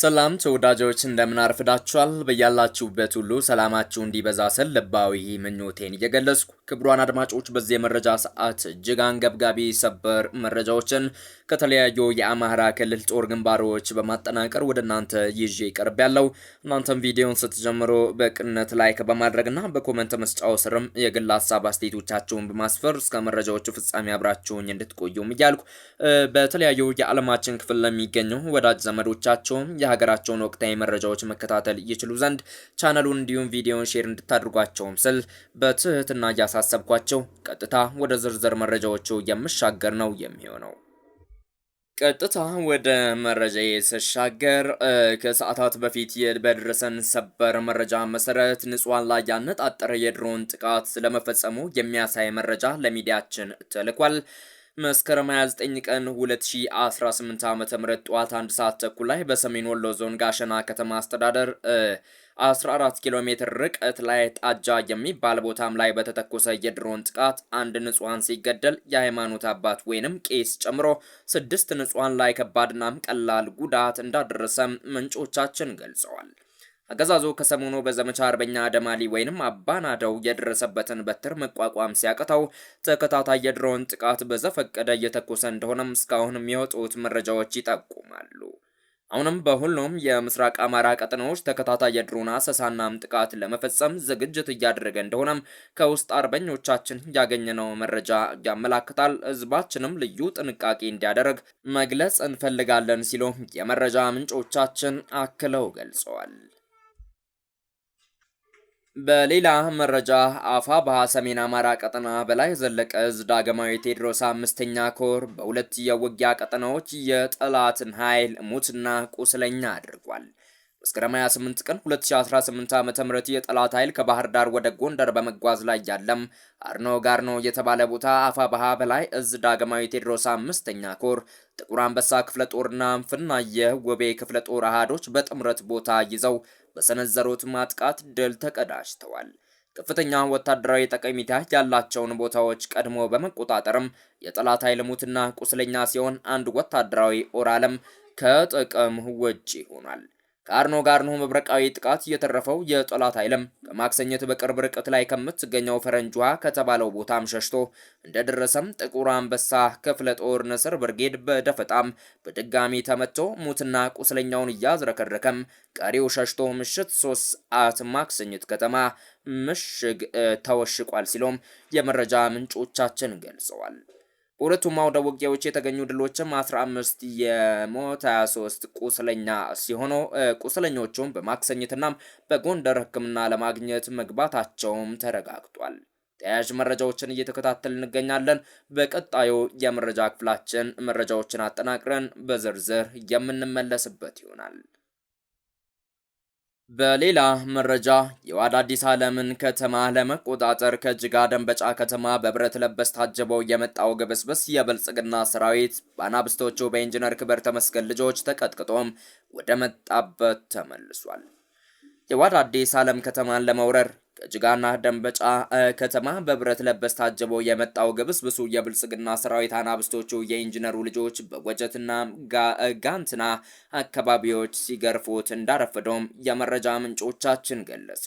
ሰላም ተወዳጆች እንደምን አርፍዳችኋል? በያላችሁበት ሁሉ ሰላማችሁ እንዲበዛ ስል ልባዊ ምኞቴን እየገለጽኩ ክቡራን አድማጮች በዚህ የመረጃ ሰዓት እጅግ አንገብጋቢ ሰበር መረጃዎችን ከተለያዩ የአማራ ክልል ጦር ግንባሮች በማጠናቀር ወደ እናንተ ይዤ ይቀርብ ያለው እናንተም ቪዲዮን ስትጀምሩ በቅነት ላይክ በማድረግና በኮመንት መስጫው ስርም የግል ሀሳብ አስተያየቶቻችሁን በማስፈር እስከ መረጃዎቹ ፍጻሜ አብራችሁኝ እንድትቆዩም እያልኩ በተለያዩ የዓለማችን ክፍል ለሚገኙ ወዳጅ ዘመዶቻቸውም የሀገራቸውን ወቅታዊ መረጃዎች መከታተል ይችሉ ዘንድ ቻናሉን እንዲሁም ቪዲዮን ሼር እንድታድርጓቸውም ስል በትህትና እያሳሰብኳቸው ቀጥታ ወደ ዝርዝር መረጃዎቹ የምሻገር ነው የሚሆነው። ቀጥታ ወደ መረጃ ስሻገር ከሰዓታት በፊት በደረሰን ሰበር መረጃ መሰረት ንጹሐን ላይ ያነጣጠረ የድሮን ጥቃት ለመፈጸሙ የሚያሳይ መረጃ ለሚዲያችን ተልኳል። መስከረም 29 ቀን 2018 ዓ.ም ጠዋት አንድ ሰዓት ተኩል ላይ በሰሜን ወሎ ዞን ጋሸና ከተማ አስተዳደር 14 ኪሎ ሜትር ርቀት ላይ ጣጃ የሚባል ቦታም ላይ በተተኮሰ የድሮን ጥቃት አንድ ንጹሐን ሲገደል የሃይማኖት አባት ወይንም ቄስ ጨምሮ ስድስት ንጹሐን ላይ ከባድናም ቀላል ጉዳት እንዳደረሰም ምንጮቻችን ገልጸዋል። አገዛዙ ከሰሞኑ በዘመቻ አርበኛ አደማሊ ወይንም አባናደው የደረሰበትን በትር መቋቋም ሲያቅተው ተከታታይ የድሮን ጥቃት በዘፈቀደ እየተኮሰ እንደሆነም እስካሁን የሚወጡት መረጃዎች ይጠቁማሉ። አሁንም በሁሉም የምስራቅ አማራ ቀጠናዎች ተከታታይ የድሮን አሰሳናም ጥቃት ለመፈጸም ዝግጅት እያደረገ እንደሆነም ከውስጥ አርበኞቻችን ያገኘነው መረጃ ያመላክታል። ህዝባችንም ልዩ ጥንቃቄ እንዲያደርግ መግለጽ እንፈልጋለን ሲሉ የመረጃ ምንጮቻችን አክለው ገልጸዋል። በሌላ መረጃ አፋ አፋብኃ ሰሜን አማራ ቀጠና በላይ ዘለቀ እዝ ዳግማዊ ቴዎድሮስ አምስተኛ ኮር በሁለት የውጊያ ቀጠናዎች የጠላትን ኃይል ሙትና ቁስለኛ አድርጓል። መስከረም 28 ቀን 2018 ዓ.ም የጠላት ኃይል ከባህር ዳር ወደ ጎንደር በመጓዝ ላይ ያለም አርኖ ጋርኖ የተባለ ቦታ አፋብኃ በላይ እዝ ዳግማዊ ቴዎድሮስ አምስተኛ ኮር ጥቁር አንበሳ ክፍለ ጦርና ፍናየ ውቤ ክፍለ ጦር አሃዶች በጥምረት ቦታ ይዘው በሰነዘሩት ማጥቃት ድል ተቀዳጅተዋል። ከፍተኛ ወታደራዊ ጠቀሜታ ያላቸውን ቦታዎች ቀድሞ በመቆጣጠርም የጠላት ኃይል ሙትና ቁስለኛ ሲሆን አንድ ወታደራዊ ኦራልም ከጥቅም ውጪ ሆኗል። ከአርኖ ጋርኖ መብረቃዊ ጥቃት የተረፈው የጠላት ኃይልም በማክሰኘት በቅርብ ርቀት ላይ ከምትገኘው ፈረንጇ ከተባለው ቦታም ሸሽቶ እንደደረሰም ጥቁር አንበሳ ክፍለ ጦር ንስር ብርጌድ በደፈጣም በድጋሚ ተመቶ ሙትና ቁስለኛውን እያዝረከረከም ቀሪው ሸሽቶ ምሽት ሶስት ሰዓት ማክሰኝት ከተማ ምሽግ ተወሽቋል ሲሎም የመረጃ ምንጮቻችን ገልጸዋል። በሁለቱም አውደ ውጊያዎች የተገኙ ድሎችም 15 የሞት 23 ቁስለኛ ሲሆኑ ቁስለኞቹም በማክሰኝትና በጎንደር ሕክምና ለማግኘት መግባታቸውም ተረጋግጧል። ተያያዥ መረጃዎችን እየተከታተል እንገኛለን። በቀጣዩ የመረጃ ክፍላችን መረጃዎችን አጠናቅረን በዝርዝር የምንመለስበት ይሆናል። በሌላ መረጃ የዋዳ አዲስ ዓለምን ከተማ ለመቆጣጠር ከጅጋ ደንበጫ ከተማ በብረት ለበስ ታጅበው የመጣው ግብስብስ የብልጽግና ሰራዊት በአናብስቶቹ በኢንጂነር ክብር ተመስገን ልጆች ተቀጥቅጦም ወደ መጣበት ተመልሷል። የዋዳ አዲስ ዓለም ከተማን ለመውረር ከጅጋና ደንበጫ ከተማ በብረት ለበስ ታጅቦ የመጣው ግብስብሱ የብልጽግና ሰራዊት አናብስቶቹ የኢንጂነሩ ልጆች በጎጀትና ጋንትና አካባቢዎች ሲገርፉት እንዳረፈደውም የመረጃ ምንጮቻችን ገለጹ።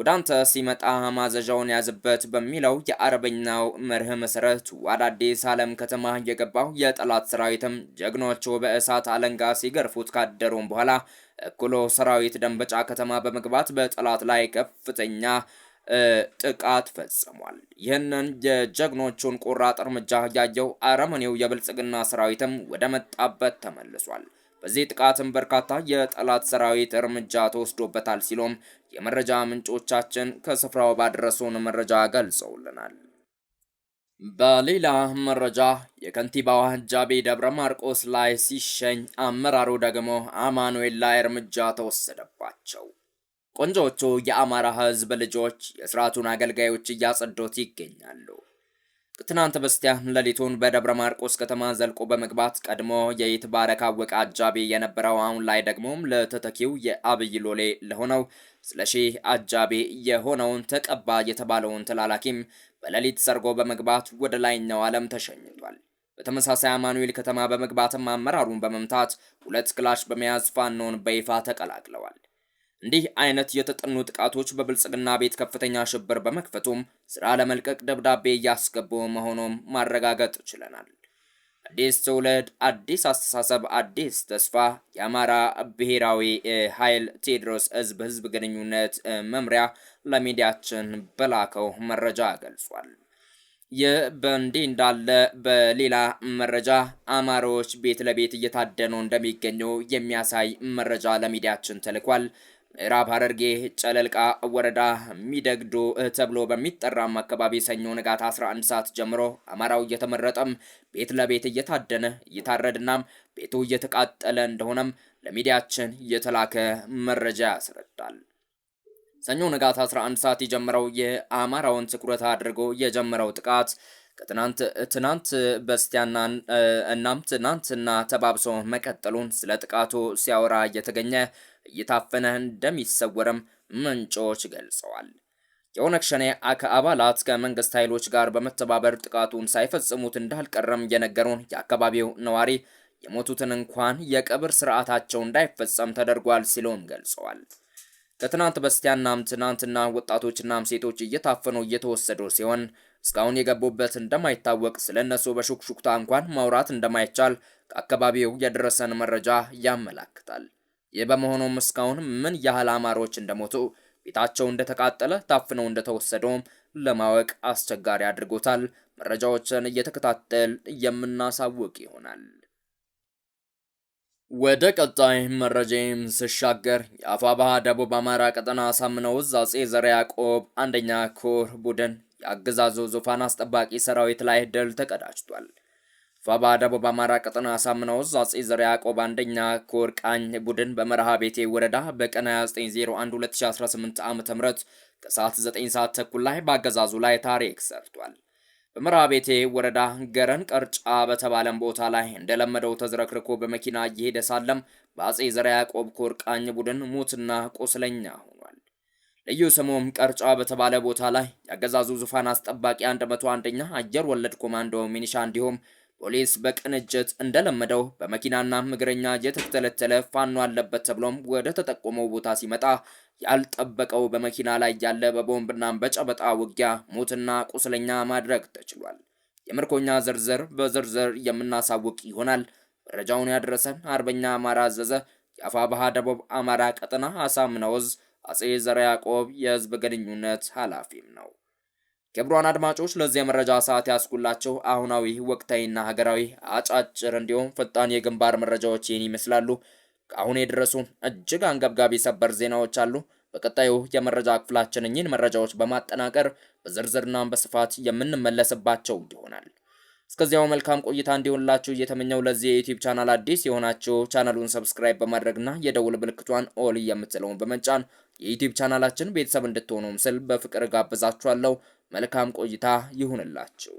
ወደ አንተ ሲመጣ ማዘዣውን ያዝበት በሚለው የአረበኛው መርህ መሰረት ወደ አዲስ ዓለም ከተማ የገባው የጠላት ሰራዊትም ጀግኖቹ በእሳት አለንጋ ሲገርፉት ካደሩም በኋላ እኩሎ ሰራዊት ደንበጫ ከተማ በመግባት በጠላት ላይ ከፍተኛ ጥቃት ፈጽሟል። ይህንን የጀግኖቹን ቁራጥ እርምጃ ያየው አረመኔው የብልጽግና ሰራዊትም ወደ መጣበት ተመልሷል። በዚህ ጥቃትም በርካታ የጠላት ሰራዊት እርምጃ ተወስዶበታል ሲሉም የመረጃ ምንጮቻችን ከስፍራው ባደረሱን መረጃ ገልጸውልናል። በሌላ መረጃ የከንቲባዋ አጃቤ ደብረ ማርቆስ ላይ ሲሸኝ አመራሩ ደግሞ አማኑኤል ላይ እርምጃ ተወሰደባቸው። ቆንጆቹ የአማራ ሕዝብ ልጆች የስርዓቱን አገልጋዮች እያጸዱት ይገኛሉ። ትናንት በስቲያ ሌሊቱን በደብረ ማርቆስ ከተማ ዘልቆ በመግባት ቀድሞ የይትባረክ አወቀ አጃቢ የነበረው አሁን ላይ ደግሞም ለተተኪው የአብይ ሎሌ ለሆነው ስለሺ አጃቢ የሆነውን ተቀባ የተባለውን ተላላኪም በሌሊት ሰርጎ በመግባት ወደ ላይኛው ዓለም ተሸኝቷል። በተመሳሳይ አማኑኤል ከተማ በመግባትም አመራሩን በመምታት ሁለት ክላሽ በመያዝ ፋኖን በይፋ ተቀላቅለዋል። እንዲህ አይነት የተጠኑ ጥቃቶች በብልጽግና ቤት ከፍተኛ ሽብር በመክፈቱም ስራ ለመልቀቅ ደብዳቤ እያስገቡ መሆኑም ማረጋገጥ ችለናል። አዲስ ትውልድ፣ አዲስ አስተሳሰብ፣ አዲስ ተስፋ። የአማራ ብሔራዊ ኃይል ቴዎድሮስ ህዝብ ህዝብ ግንኙነት መምሪያ ለሚዲያችን በላከው መረጃ ገልጿል። ይህ በእንዲህ እንዳለ በሌላ መረጃ አማራዎች ቤት ለቤት እየታደኑ እንደሚገኙ የሚያሳይ መረጃ ለሚዲያችን ተልኳል። ምዕራብ ሐረርጌ ጨለልቃ ወረዳ ሚደግዶ ተብሎ በሚጠራም አካባቢ ሰኞ ንጋት 11 ሰዓት ጀምሮ አማራው እየተመረጠም ቤት ለቤት እየታደነ እየታረድናም ቤቱ እየተቃጠለ እንደሆነም ለሚዲያችን የተላከ መረጃ ያስረዳል። ሰኞ ንጋት 11 ሰዓት የጀመረው የአማራውን ትኩረት አድርጎ የጀመረው ጥቃት ከትናንት ትናንት በስቲያና እናም ትናንትና ተባብሶ መቀጠሉን ስለ ጥቃቱ ሲያወራ እየተገኘ እየታፈነ እንደሚሰወርም ምንጮች ገልጸዋል። የኦነግ ሸኔ አባላት ከመንግስት ኃይሎች ጋር በመተባበር ጥቃቱን ሳይፈጽሙት እንዳልቀረም የነገሩን የአካባቢው ነዋሪ የሞቱትን እንኳን የቀብር ስርዓታቸው እንዳይፈጸም ተደርጓል ሲሉም ገልጸዋል። ከትናንት በስቲያናም ትናንትና ወጣቶችናም ሴቶች እየታፈኑ እየተወሰዱ ሲሆን እስካሁን የገቡበት እንደማይታወቅ ስለነሱ በሹክሹክታ እንኳን ማውራት እንደማይቻል ከአካባቢው የደረሰን መረጃ ያመላክታል። ይህ በመሆኑም እስካሁን ምን ያህል አማሮች እንደሞቱ፣ ቤታቸው እንደተቃጠለ፣ ታፍነው እንደተወሰደውም ለማወቅ አስቸጋሪ አድርጎታል። መረጃዎችን እየተከታተል የምናሳውቅ ይሆናል። ወደ ቀጣይ መረጃም ስሻገር የአፋባሃ ደቡብ አማራ ቀጠና አሳምነው እዝ አጼ ዘርዓ ያዕቆብ አንደኛ ኮር ቡድን የአገዛዙ ዙፋን አስጠባቂ ሰራዊት ላይ ድል ተቀዳጅቷል። ፋባ ደቡብ አማራ ቀጠና አሳምነው አጼ አፄ ዘርዓ ያዕቆብ አንደኛ ኮር ቃኝ ቡድን በመርሃ ቤቴ ወረዳ በቀን 2901 2018 ዓ.ም ከሰዓት 9 ሰዓት ተኩል ላይ በአገዛዙ ላይ ታሪክ ሰርቷል። በመርሃ ቤቴ ወረዳ ገረን ቀርጫ በተባለም ቦታ ላይ እንደለመደው ተዝረክርኮ በመኪና እየሄደ ሳለም በአጼ ዘርዓ ያዕቆብ ኮር ቃኝ ቡድን ሙትና ቁስለኛ ሆኗል። ልዩ ስሙም ቀርጫ በተባለ ቦታ ላይ የአገዛዙ ዙፋን አስጠባቂ 101ኛ አየር ወለድ ኮማንዶ ሚኒሻ እንዲሁም ፖሊስ በቅንጅት እንደለመደው በመኪናና እግረኛ የተተለተለ ፋኖ አለበት ተብሎም ወደ ተጠቆመው ቦታ ሲመጣ ያልጠበቀው በመኪና ላይ ያለ በቦምብና በጨበጣ ውጊያ ሞትና ቁስለኛ ማድረግ ተችሏል። የምርኮኛ ዝርዝር በዝርዝር የምናሳውቅ ይሆናል። መረጃውን ያደረሰን አርበኛ አማራ አዘዘ የአፋ ባህ ደቡብ አማራ ቀጠና አሳምነውዝ አጼ ዘራ ያዕቆብ የህዝብ ግንኙነት ኃላፊም ነው። ክቡራን አድማጮች ለዚህ የመረጃ ሰዓት ያስኩላቸው አሁናዊ ወቅታዊና ሀገራዊ አጫጭር እንዲሁም ፈጣን የግንባር መረጃዎች ይህን ይመስላሉ። አሁን የደረሱ እጅግ አንገብጋቢ ሰበር ዜናዎች አሉ። በቀጣዩ የመረጃ ክፍላችን እኚህን መረጃዎች በማጠናቀር በዝርዝርና በስፋት የምንመለስባቸው ይሆናል። እስከዚያው መልካም ቆይታ እንዲሆንላችሁ እየተመኘው ለዚህ የዩቲዩብ ቻናል አዲስ የሆናችሁ ቻናሉን ሰብስክራይብ በማድረግና የደውል ምልክቷን ኦል የምትለውን በመጫን የዩቲዩብ ቻናላችን ቤተሰብ እንድትሆኑም ስል በፍቅር ጋብዛችኋለሁ። መልካም ቆይታ ይሁንላችሁ።